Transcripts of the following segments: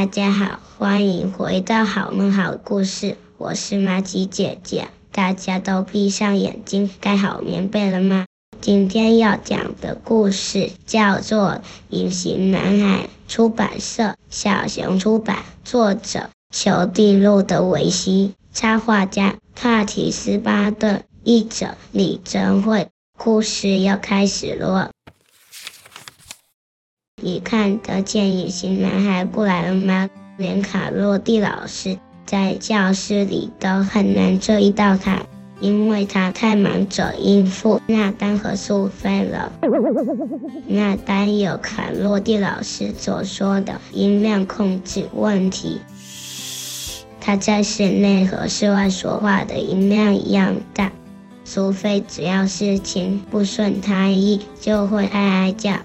大家好，歡迎回到好夢好故事，我是瑪吉姐姐。大家都閉上眼睛，蓋好棉被了嗎？今天要講的故事叫做《隱形男孩》，出版社：小熊出版，作者：裘蒂路德維希，插畫家：帕提斯巴頓，譯者：李貞慧。故事要開始咯。你看得見隱形男孩過來了嗎？連卡洛蒂老師在教室裡都很難注意到他，因為他太忙着應付納丹和蘇菲了。納丹 有卡洛蒂老師所說的音量控制問題，嘶嘶，他在室內和室外說話的音量一樣大。蘇菲只要事情不順他意，就會哀哀叫。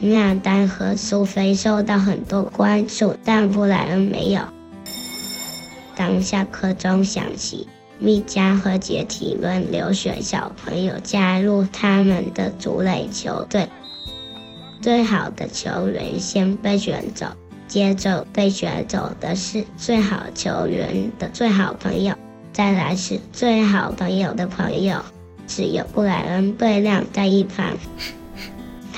米亞丹和蘇菲受到很多關注，但布萊恩沒有。當下課鐘響起，米加和杰提輪流選小朋友加入他們的足壘球隊。最好的球員先被選走，接着被選走的是最好球員的最好朋友，再來是最好朋友的朋友。只有布萊恩被晾在一旁。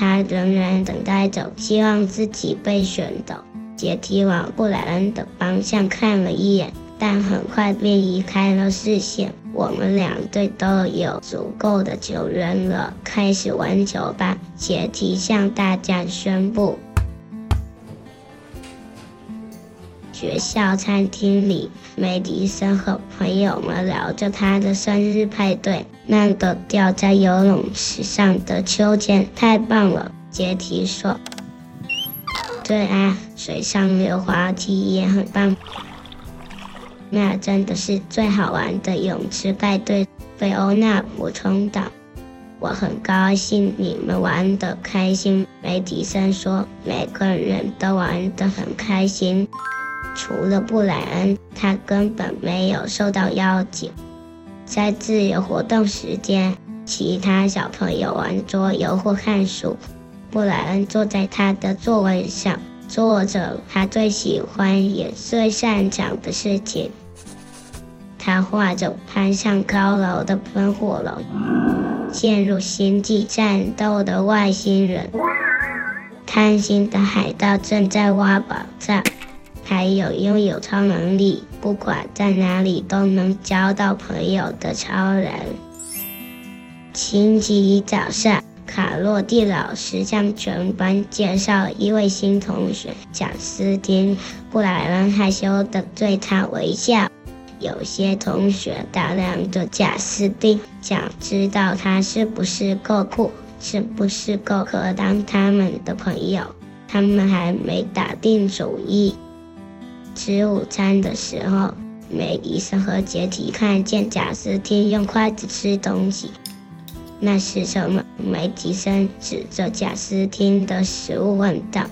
他仍然等待着，希望自己被選走。杰提往布萊恩的方向看了一眼，但很快便移開了視線。我們兩隊都有足夠的球員了，開始玩球吧！杰提向大家宣布。學校餐廳裡，梅迪森和朋友們聊着他的生日派對。那個吊在游泳池上的秋千太棒了，杰提說。對啊，水上溜滑梯也很棒。那真的是最好玩的泳池派對,菲歐娜補充道。我很高興你們玩得開心，梅迪森說。每個人都玩得很開心。除了布萊恩，他根本沒有受到邀請。在自由活動時間，其他小朋友玩桌遊或看書，布萊恩坐在他的座位上，做着他最喜歡也最擅長的事情。他畫着攀上高樓的噴火龍，陷入星際戰鬥的外星人，貪心的海盜正在挖寶藏。還有擁有超能力，不管在哪裡都能交到朋友的超人。星期一早上，卡洛蒂老師向全班介紹一位新同學賈斯汀。布萊恩害羞地對他微笑，有些同學打量着賈斯汀，想知道他是不是夠酷，是不是夠格當他們的朋友。他們還沒打定主意。吃午餐的時候，梅醫生和傑提看見賈斯汀用筷子吃東西。那是什麼？梅醫生指着賈斯汀的食物問道：“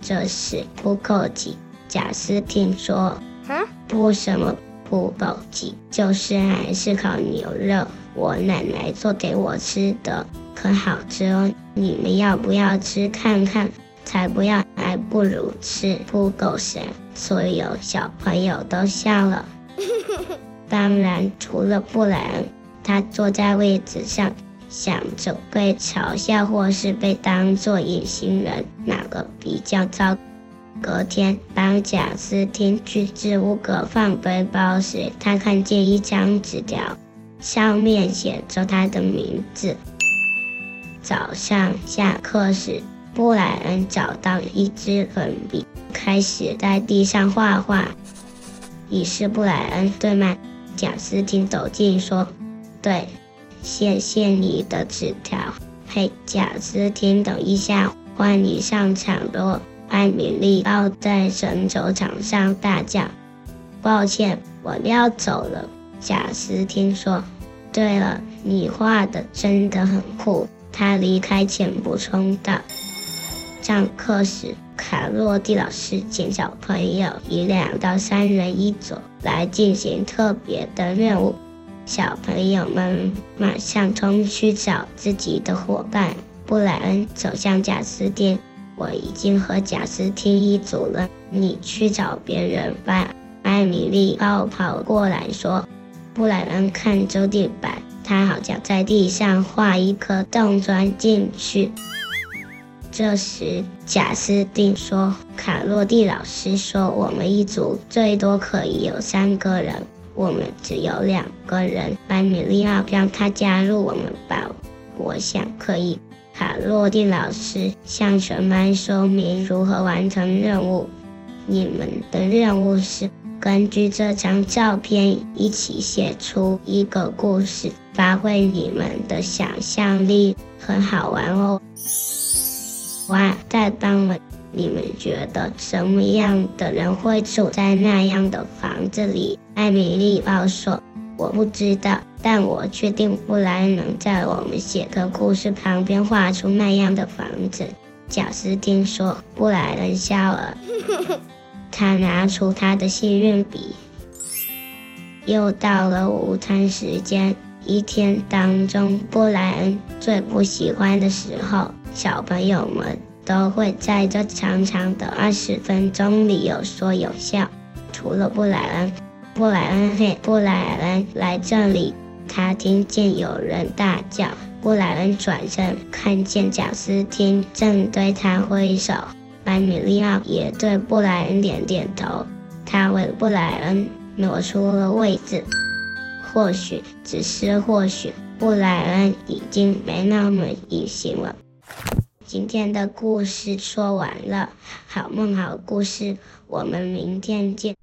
這是不夠雞。”賈斯汀說：“哈蛤？不什麼不夠雞？就是還是烤牛肉，我奶奶做給我吃的，可好吃哦！你們要不要吃看看？”才不要，還不如吃不狗食，所有小朋友都笑了，當然除了布萊恩。他坐在位置上，想着被嘲笑或是被當做隱形人哪個比較糟。隔天，當賈斯汀去置物格放背包時，他看見一張紙條，上面寫着他的名字。早上下課時。布萊恩找到一支粉筆，開始在地上畫畫。你是布萊恩對嗎？賈斯汀走近說：“對，謝謝你的紙條。”嘿，賈斯汀，等一下，換你上場囉，艾米麗奧在籃球場上大叫：“抱歉，我要走了。”賈斯汀說：“對了，你畫得真的很酷。”他離開前補充道。上課時，卡洛蒂老師請小朋友以兩到三人一組來進行特別的任務。小朋友們馬上衝去找自己的夥伴。布萊恩走向賈斯汀，我已經和賈斯汀一組了，你去找別人吧。艾米麗跑跑過來說：“布萊恩看周，着地板，他好像在地上畫一顆洞，鑽進去。”這時，賈斯汀說：“卡洛蒂老師說，我們一組最多可以有三個人，我們只有兩個人，班米利奧讓他加入我們吧。我想可以。”卡洛蒂老師向全班說明如何完成任務。你們的任務是根據這張照片一起寫出一個故事，發揮你們的想象力，很好玩哦。哇！在傍晚，你們覺得什麼樣的人會住在那樣的房子裡？艾米麗報說：“我不知道，但我確定布萊恩能在我們寫的故事旁邊畫出那樣的房子。”賈斯汀說：“布萊恩笑了。” 他拿出他的幸運筆。又到了午餐時間，一天當中布萊恩最不喜歡的時候。小朋友們都會在這長長的二十分鐘裡有說有笑。除了布萊恩。布萊恩，嘿！布萊恩來這裡！他聽見有人大叫。布萊恩轉身看見賈斯汀正對他揮手，班尼利奧也對布萊恩點點頭。他為布萊恩挪出了位置。或許只是或許，布萊恩已經沒那麼隱形了。今天的故事說完了，好夢好故事，我們明天見。